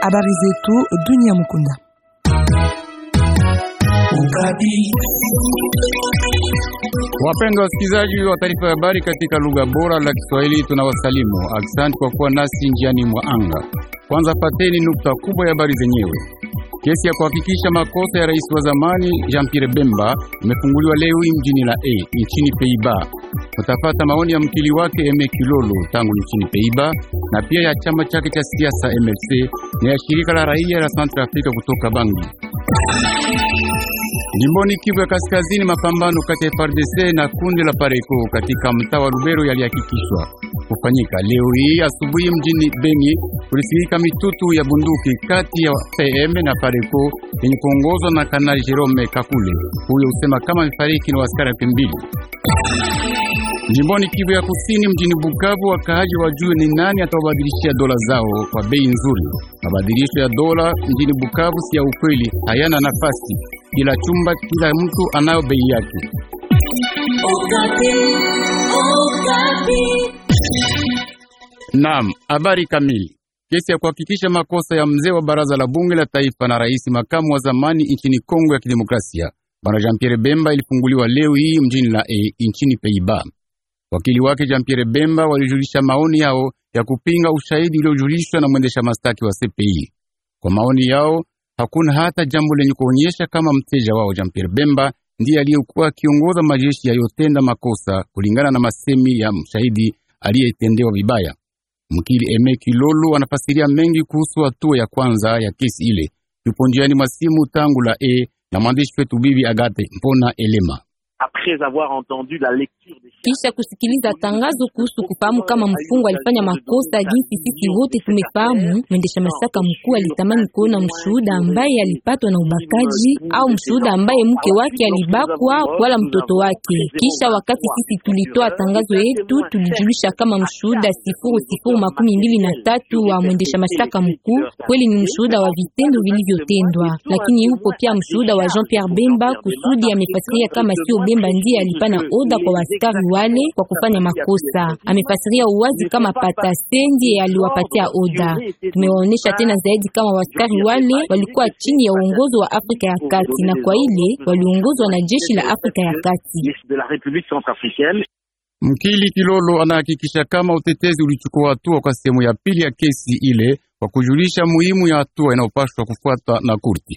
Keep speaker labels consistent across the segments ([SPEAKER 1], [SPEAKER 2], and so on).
[SPEAKER 1] Habari zetu dunia mukunda.
[SPEAKER 2] Wapendwa wasikilizaji wa taarifa ya habari katika lugha bora la Kiswahili, tunawasalimu. Asante kwa kuwa nasi njiani mwa anga. Kwanza pateni nukta kubwa ya habari zenyewe. Kesi ya kuhakikisha makosa ya rais wa zamani Jean Pierre Bemba imefunguliwa leo mjini La Haye nchini Pays-Bas mutafata maoni ya mkili wake Eme Kilolo tangu nchini Peiba na pia ya chama chake cha siasa MLC na ya shirika la raia la Central africa kutoka Bangi. Jimboni Kivu ya Kaskazini, mapambano kati ya FARDC na kundi la Pareko katika mtaa wa Lubero yalihakikishwa kufanyika leo hii asubuhi mjini Beni. Kulisikika mitutu ya bunduki kati ya PM na Pareko yenye kuongozwa na Kanali Jerome Kakule, huyo usema kama mifariki na askari elfu mbili. Jimboni Kivu ya Kusini, mjini Bukavu, wakaaji wajue ni nani atawabadilishia dola zao kwa bei nzuri. Mabadilisho ya dola mjini Bukavu si ya ukweli, hayana nafasi. Kila chumba, kila mtu anayo bei yake. Naam, habari kamili. Kesi ya kuhakikisha makosa ya mzee wa baraza la bunge la taifa na rais makamu wa zamani nchini Kongo ya Kidemokrasia Bwana Jean Pierre Bemba ilifunguliwa leo hii mjini la e, nchini Peiba. Wakili wake Jean Pierre Bemba walijulisha maoni yao ya kupinga ushahidi uliojulishwa na mwendesha mastaki wa CPI. Kwa maoni yao, hakuna hata jambo lenye kuonyesha kama mteja wao Jean Pierre Bemba ndiye aliyekuwa akiongoza majeshi yaliyotenda makosa kulingana na masemi ya mshahidi aliyetendewa vibaya. Mkili Eme Kilolo anafasiria mengi kuhusu hatua ya kwanza ya kesi ile. Yupo njiani mwa simu tangu la e na mwandishi wetu bibi Agate Mpona Elema après avoir entendu la lecture
[SPEAKER 1] des kisha kusikiliza tangazo kuhusu kufahamu kama mfungwa alifanya makosa, jinsi sisi wote tumefahamu. Mwendesha mashtaka mkuu alitamani kuona mshuhuda ambaye alipatwa na ubakaji au mshuhuda ambaye mke wake alibakwa wala mtoto wake. Kisha wakati sisi tulitoa tangazo yetu, tulijulisha kama mshuhuda sifuru sifuru makumi mbili na tatu wa mwendesha mashtaka mkuu kweli ni mshuhuda wa vitendo vilivyotendwa, lakini yupo pia mshuhuda wa Jean Pierre Bemba kusudi amefasiria kama sio Mugemba ndiye alipana oda kwa waskari wale kwa kufanya makosa. Amefasiria uwazi kama Patase ndiye aliwapatia oda. Tumewaonesha tena zaidi kama waskari wale walikuwa chini ya uongozi wa Afrika ya Kati na kwa ile waliongozwa na jeshi la Afrika ya Kati.
[SPEAKER 2] Mkili Kilolo anahakikisha kama utetezi ulichukua hatua kwa sehemu ya pili ya kesi ile kwa kujulisha muhimu ya hatua inayopaswa kufuatwa na kurti.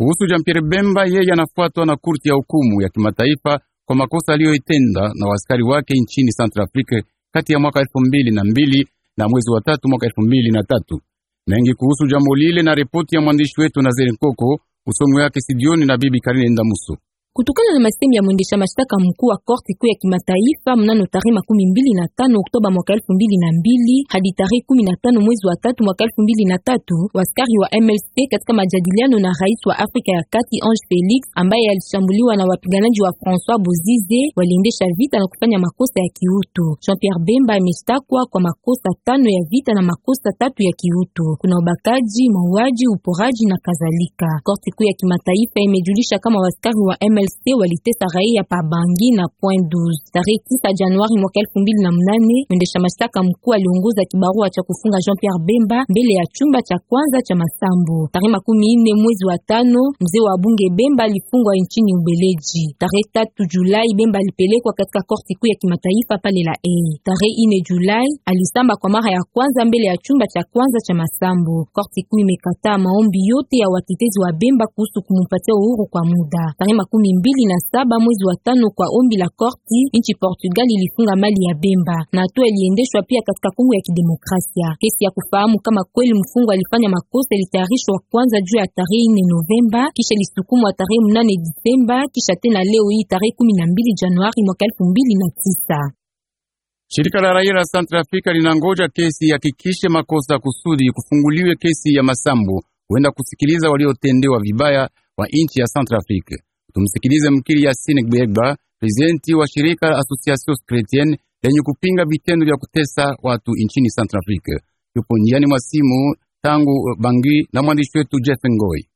[SPEAKER 2] Kuhusu Jean-Pierre Bemba, yeye anafuatwa na kurti ya hukumu ya kimataifa kwa makosa aliyoitenda na waskari wake nchini Centrafrique kati ya mwaka elfu mbili na mbili na mwezi wa tatu mwaka elfu mbili na tatu. Mengi kuhusu jambo lile na ripoti ya mwandishi wetu Nazeri Nkoko, usomi wake Sidioni na bibi Karine Ndamuso.
[SPEAKER 1] Kutokana na masemi ya mwendesha mashtaka mkuu wa korti kuu ya kimataifa mnano tarehe makumi mbili na tano Oktoba mwaka elfu mbili na mbili hadi tarehe kumi na tano mwezi wa tatu mwaka elfu mbili na tatu waskari wa MLC katika majadiliano na rais wa Afrika ya Kati Ange Felix ambaye alishambuliwa na wapiganaji wa François Bozize waliendesha vita na kufanya makosa ya kiutu. Jean-Pierre Bemba ameshtakwa kwa makosa tano ya vita na makosa tatu ya kiutu. Kuna ubakaji, mauaji, uporaji na kadhalika. Korti kuu ya kimataifa imejulisha kama waskari wa ML TLC walitesa raia pa Bangi na Point 12 tarehe 9 Januari mwaka 2008. Mwendesha mashtaka mkuu aliongoza kibarua cha kufunga Jean Pierre Bemba mbele ya chumba cha kwanza cha masambo. Tarehe makumi ine mwezi wa tano mzee wa bunge Bemba alifungwa nchini Ubeleji. Tarehe tatu Julai Bemba alipelekwa katika korti kuu ya kimataifa pale La A. Tarehe ine Julai alisamba kwa mara ya kwanza mbele ya chumba cha kwanza cha masambo. Korti kuu imekataa maombi yote ya watetezi wa Bemba kuhusu kumupatia uhuru kwa muda. Tarehe makumi mbili na saba mwezi wa tano kwa ombi la korti. Nchi Portugal ilifunga mali ya Bemba na hatua iliendeshwa pia katika Kongo ya Kidemokrasia. Kesi ya kufahamu kama kweli mfungwa alifanya makosa ilitayarishwa kwanza juu ya tarehe 4 Novemba, kisha ilisukumwa tarehe 8 Disemba, kisha tena leo hii tarehe 12 Januari mwaka 2009.
[SPEAKER 2] Shirika la raia la Central linangoja kesi ihakikishe makosa kusudi kufunguliwe kesi ya masambu huenda kusikiliza waliotendewa vibaya wa nchi ya Central Tumsikilize Mkili sine Gbegba, prezidenti wa shirika la Association Chrétienne lenye kupinga vitendo vya kutesa watu nchini Centrafrique. Yupo njiani mwa simu tangu Bangui na mwandishi wetu Jeff Ngoi.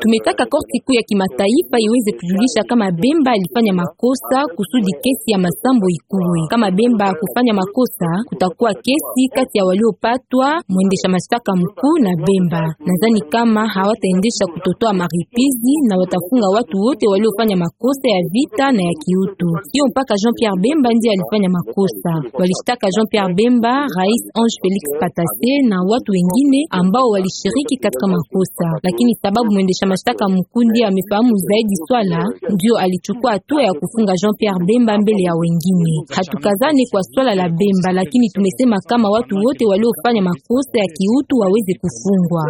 [SPEAKER 1] Tumetaka korti kuu ya kimataifa iweze kujulisha kama Bemba alifanya makosa kusudi kesi ya masambo ikuwe. Kama Bemba kufanya makosa, kutakuwa kesi kati ya waliopatwa, mwendesha mashtaka mkuu na Bemba. Nadhani kama hawataendesha kutotoa maripizi na watafunga watu wote waliofanya makosa ya vita na ya kiutu. Sio mpaka Jean-Pierre Bemba ndiye alifanya makosa. Walishtaka Jean-Pierre Bemba, Rais Ange Felix patase na watu wengine ambao walishiriki alifariki katika makosa, lakini sababu mwendesha mashtaka Mkundi amefahamu zaidi swala, ndio alichukua hatua ya kufunga Jean Pierre Bemba mbele ya wengine. Hatukazane kwa swala la Bemba, lakini tumesema kama watu wote waliofanya makosa ya kiutu waweze kufungwa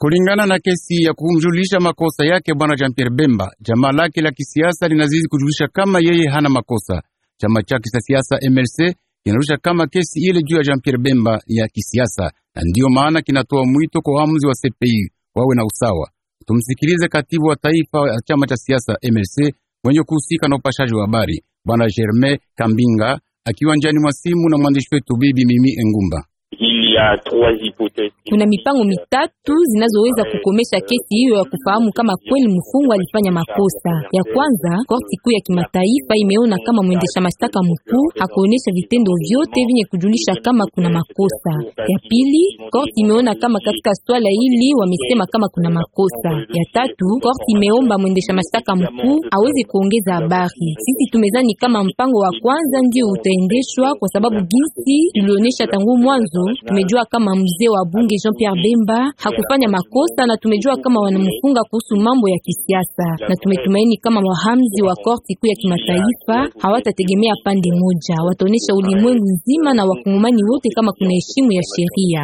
[SPEAKER 2] kulingana na kesi ya kumjulisha makosa yake bwana Jean Pierre Bemba. Jamaa lake la kisiasa linazidi kujulisha kama yeye hana makosa. Chama chake cha siasa MLC kinarusha kama kesi ile juu ya Jean Pierre Bemba ya kisiasa, na ndiyo maana kinatoa mwito kwa waamuzi wa CPI wawe na usawa. Tumsikilize katibu wa taifa ya chama cha siasa MLC mwenye kuhusika na upashaji wa habari Bwana Germain Kambinga akiwa njani mwa simu na mwandishi wetu Bibi Mimi Engumba
[SPEAKER 1] kuna mipango mitatu zinazoweza kukomesha euh, kesi hiyo ya kufahamu kama kweli mfungwa alifanya makosa. Ya kwanza, korti kuu ya kimataifa imeona kama mwendesha mashtaka mkuu hakuonesha vitendo vyote vyenye kujulisha kama kuna makosa. Ya pili, korti imeona kama katika swala hili wamesema kama kuna makosa. Ya tatu, korti imeomba mwendesha mashtaka mkuu aweze kuongeza habari. Sisi tumezani kama mpango wa kwanza ndio utaendeshwa kwa sababu jinsi tulionesha tangu mwanzo tume tumejua kama mzee wa bunge Jean-Pierre Bemba hakufanya makosa na tumejua kama wanamfunga kuhusu mambo ya kisiasa, na tumetumaini kama wahamzi wa korti kuu ya kimataifa hawatategemea pande moja, wataonyesha ulimwengu nzima na wakongomani wote kama kuna heshima ya sheria.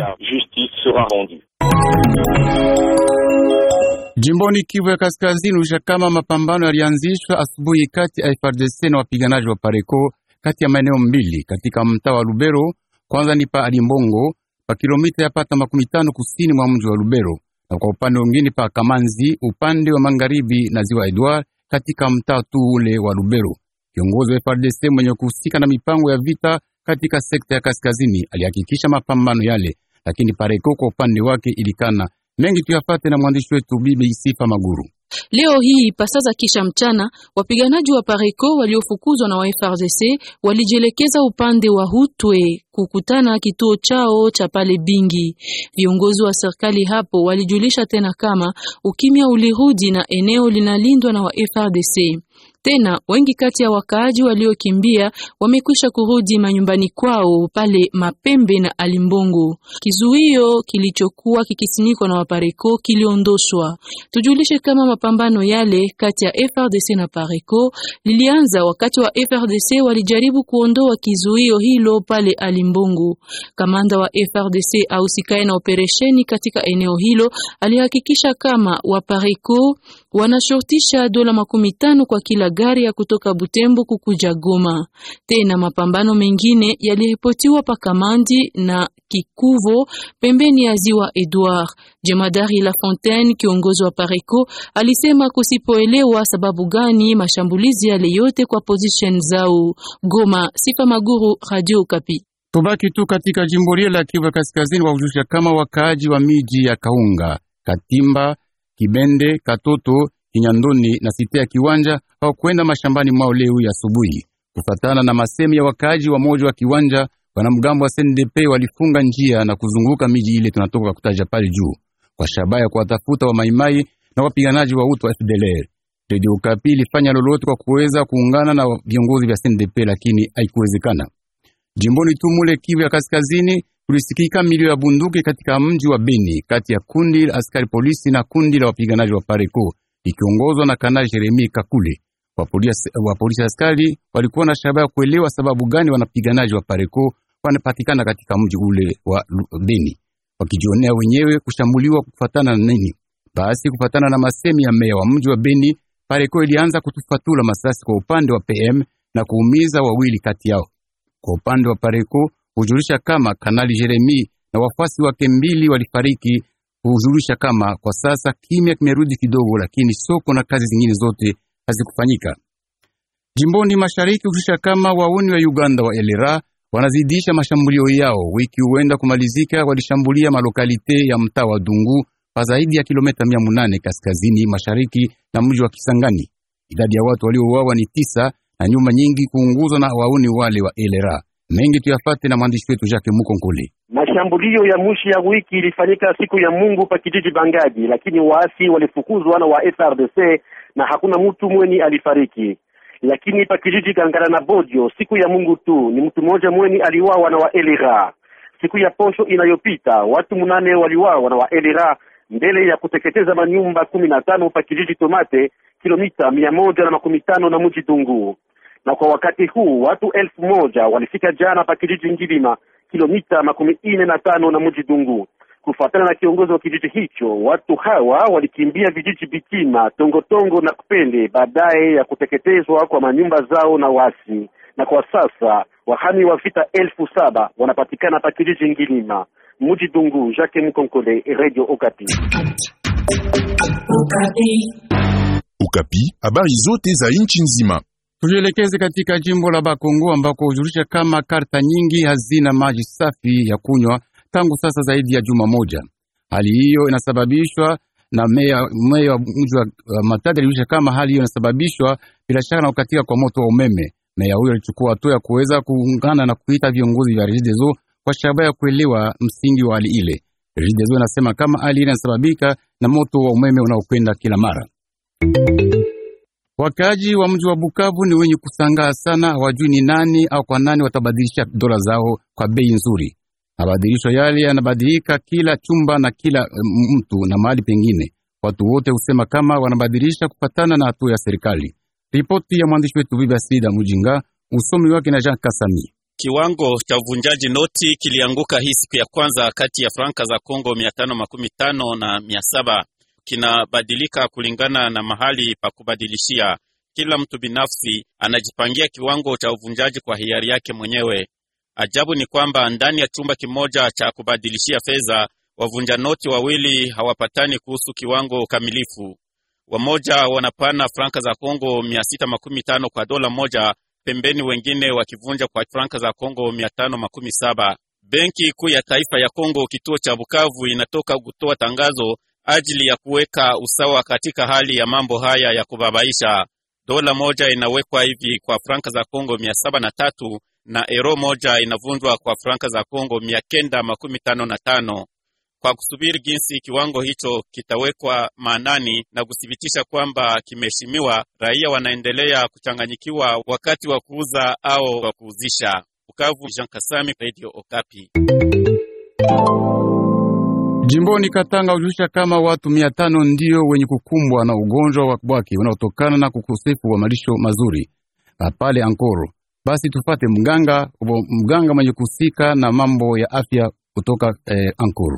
[SPEAKER 2] Jimboni Kivu ya Kaskazini usha kama mapambano yalianzishwa asubuhi kati ya frdc na wapiganaji wa Pareko kati ya maeneo mbili katika mtaa wa Lubero. Kwanza ni pa Alimbongo pa kilomita yapata makumi tano kusini mwa mji wa Lubero na kwa upande mwingine pa Kamanzi upande wa magharibi na ziwa Edward katika mtaa tu ule wa Lubero. Kiongozi wa FARDC mwenye kuhusika na mipango ya vita katika sekta ya kaskazini alihakikisha mapambano yale, lakini Pareko kwa upande wake ilikana mengi. Tuyafate na mwandishi wetu Bibi Isifa Maguru.
[SPEAKER 3] Leo hii pasaza kisha mchana, wapiganaji wa Pareko waliofukuzwa na wa FARDC walijielekeza upande wa Hutwe kukutana kituo chao cha pale Bingi. Viongozi wa serikali hapo walijulisha tena kama ukimya ulirudi na eneo linalindwa na wa tena wengi kati ya wakaaji waliokimbia wamekwisha kurudi manyumbani kwao pale Mapembe na Alimbongo. Kizuio kilichokuwa kikisimikwa na Wapareko kiliondoshwa. Tujulishe kama mapambano yale kati ya FRDC na Pareko lilianza wakati wa FRDC walijaribu kuondoa kizuio hilo pale Alimbongo. Kamanda wa FRDC ausikae na operesheni katika eneo hilo alihakikisha kama Wapareko wanashurutisha dola makumi tano kwa kila magari ya kutoka Butembo kukuja Goma. Tena mapambano mengine yaliripotiwa pa Kamandi na Kikuvo pembeni ya ziwa Edward. Jemadari La Fontaine, kiongozi wa Pareco, alisema kusipoelewa sababu gani mashambulizi yale yote kwa position zao. Goma, Sifa Maguru, Radio Kapi.
[SPEAKER 2] Tubaki tu katika jimbo lile la Kivu Kaskazini, wajulisha kama wakaaji wa miji ya Kaunga, Katimba, Kibende, Katoto Kinyandoni na site ya Kiwanja hawakwenda mashambani mwao leo ya asubuhi, kufatana na masemi ya wakaaji wa moja wa Kiwanja. Wanamgambo wa CNDP walifunga njia na kuzunguka miji ile tunatoka kutaja pale juu, kwa shabaha ya kuwatafuta wa maimai na wapiganaji wa utu wa FDLR. Redio Okapi ilifanya lolote kwa kuweza kuungana na viongozi vya CNDP lakini haikuwezekana. Jimboni tu mule Kivu ya Kaskazini, kulisikika milio ya bunduki katika mji wa Beni kati ya kundi la askari polisi na kundi la wapiganaji wa Pareko ikiongozwa na Kanali Jeremie Kakule. Wa polisi askari walikuwa na shabaha ya kuelewa sababu gani wanapiganaji wa Pareko wanapatikana katika mji ule wa Beni, wakijionea wenyewe kushambuliwa kufatana na nini. Basi kufatana na masemi ya meya wa mji wa Beni, Pareko ilianza kutufatula masasi kwa upande wa PM na kuumiza wawili kati yao. Kwa upande wa Pareko hujulisha kama Kanali Jeremie na wafuasi wake mbili walifariki hujulisha kama kwa sasa kimya kimerudi kidogo, lakini soko na kazi zingine zote hazikufanyika jimboni mashariki, hujulisha kama wauni wa Uganda wa elera wanazidisha mashambulio yao. Wiki huenda kumalizika, walishambulia malokalite ya mtaa wa Dungu kwa zaidi ya kilomita mia munane kaskazini mashariki na mji wa Kisangani. Idadi ya watu waliouawa ni tisa na nyumba nyingi kuunguzwa na wauni wale wa elera. Mengi tuyafate na mwandishi wetu Jacques Mukonkole.
[SPEAKER 4] Mashambulio ya mwisho ya wiki ilifanyika siku ya Mungu pa kijiji Bangaji, lakini waasi walifukuzwa na wa FRDC na hakuna mtu mweni alifariki. Lakini pa kijiji Gangara na Bodio siku ya Mungu tu ni mtu mmoja mweni aliwawa na wa Elira. Siku ya posho inayopita watu munane waliwawa na wa Elira mbele ya kuteketeza manyumba kumi na tano pa kijiji Tomate, kilomita mia moja na makumi tano na mji Dungu na kwa wakati huu watu elfu moja walifika jana pa kijiji Ngilima, kilomita makumi nne na tano na mji Dungu. Kufuatana na kiongozi wa kijiji hicho, watu hawa walikimbia vijiji Bitima, Tongotongo na Kupende baadaye ya kuteketezwa kwa manyumba zao na wasi, na kwa sasa wahami wa vita elfu saba wanapatikana pa kijiji Ngilima. Mji Dungu, jacke Mkonkole, Radio Okapi.
[SPEAKER 2] ukapi habari zote za nchi nzima Tujielekeze katika jimbo la Bakongo ambako hujulisha kama karta nyingi hazina maji safi ya kunywa tangu sasa zaidi ya juma moja. Hali hiyo inasababishwa na meya, meya wa mji wa Matadi alijulisha kama hali hiyo inasababishwa bila shaka na kukatika kwa moto wa umeme. Meya huyo alichukua hatua ya kuweza kuungana na kuita viongozi vya Regideso kwa shabaha ya kuelewa msingi wa hali ile. Regideso inasema kama hali ile inasababika na moto wa umeme unaokwenda kila mara Wakaji wa mji wa Bukavu ni wenye kusangaa sana, hawajui ni nani au kwa nani watabadilisha dola zao kwa bei nzuri. Mabadilisho yale yanabadilika kila chumba na kila eh, mtu na mahali pengine. Watu wote husema kama wanabadilisha kufatana na hatua ya serikali. Ripoti ya mwandishi wetu Bibi Sida Mujinga, usomi wake na Jean Kasami.
[SPEAKER 4] Kiwango cha uvunjaji noti kilianguka hii siku ya kwanza kati ya franka za Kongo 515 na kinabadilika kulingana na mahali pa kubadilishia. Kila mtu binafsi anajipangia kiwango cha uvunjaji kwa hiari yake mwenyewe. Ajabu ni kwamba ndani ya chumba kimoja cha kubadilishia fedha, wavunja noti wawili hawapatani kuhusu kiwango kamilifu. Wamoja wanapana franka za Kongo 615 kwa dola moja, pembeni wengine wakivunja kwa franka za Kongo 517. Benki Kuu ya Taifa ya Kongo kituo cha Bukavu inatoka kutoa tangazo ajili ya kuweka usawa katika hali ya mambo haya ya kubabaisha. Dola moja inawekwa hivi kwa franka za Kongo mia saba na tatu na ero moja inavunjwa kwa franka za Kongo mia kenda makumi tano na tano. Kwa kusubiri jinsi kiwango hicho kitawekwa maanani na kuthibitisha kwamba kimeheshimiwa, raia wanaendelea kuchanganyikiwa wakati wa kuuza au wa kuuzisha. Bukavu, Jean Kasami, Radio Okapi.
[SPEAKER 2] Jimboni Katanga ujusha kama watu mia tano ndio wenye kukumbwa na ugonjwa wa bwaki unaotokana na kukosefu wa malisho mazuri pale Ankoro. Basi tufate mganga mganga mwenye kusika na mambo ya afya kutoka eh, Ankoro.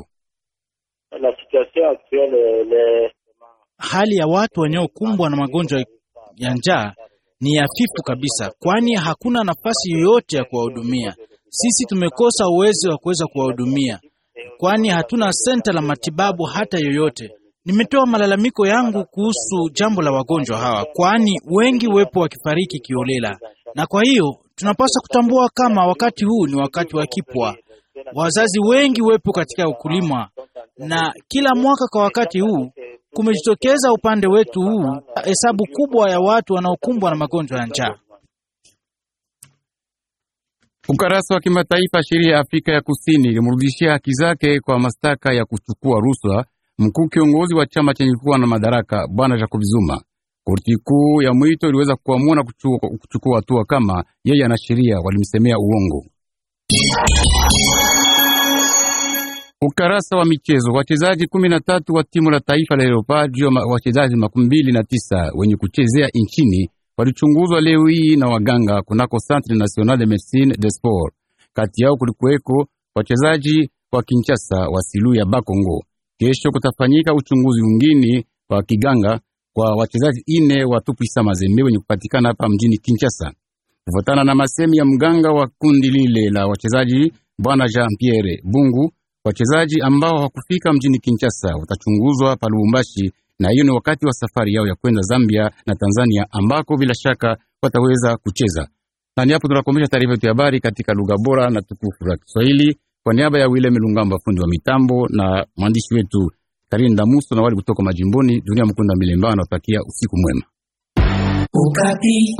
[SPEAKER 2] Hali ya watu wanaokumbwa na magonjwa ya njaa ni hafifu kabisa, kwani hakuna nafasi yoyote ya kuwahudumia. Sisi tumekosa uwezo wa kuweza kuwahudumia kwani hatuna senta la matibabu hata yoyote. Nimetoa malalamiko yangu kuhusu jambo la wagonjwa hawa, kwani wengi wepo wakifariki kiolela, na kwa hiyo tunapaswa kutambua kama wakati huu ni wakati wa kipwa. Wazazi wengi wepo katika ukulima, na kila mwaka kwa wakati huu kumejitokeza upande wetu huu hesabu kubwa ya watu wanaokumbwa na magonjwa ya njaa. Ukarasa wa kimataifa sheria ya Afrika ya Kusini ilimrudishia haki zake kwa mashtaka ya kuchukua rushwa mkuu kiongozi wa chama chenye kuwa na madaraka bwana Jacob Zuma. Korti kuu ya mwito iliweza kuamua na kuchukua hatua kama yeye sheria walimsemea uongo. Ukarasa wa michezo, wachezaji kumi na tatu wa timu la taifa la Leopard, wachezaji makumi mbili na tisa wenye kuchezea nchini walichunguzwa leo hii na waganga kunako Centre National de médecine de Sport. Kati yao kulikuweko wachezaji wa Kinshasa wa silu ya Bakongo. Kesho kutafanyika uchunguzi mwingine wa kiganga kwa wachezaji ine wa Tupwisa Mazembe wenye kupatikana hapa mjini Kinshasa, kufuatana na masemi ya mganga wa kundi lile la wachezaji Bwana Jean Pierre Bungu. Wachezaji ambao hawakufika mjini Kinshasa watachunguzwa pa Lubumbashi na hiyo ni wakati wa safari yao ya kwenda Zambia na Tanzania ambako bila shaka wataweza kucheza. Na ni hapo tunakomesha taarifa yetu ya habari katika lugha bora na tukufu la Kiswahili. Kwa niaba ya William Lungamba, fundi wa mitambo, na mwandishi wetu karin damuso na wali kutoka majimboni, Dunia Mkunda milemba watakia usiku mwema.
[SPEAKER 1] Ukati.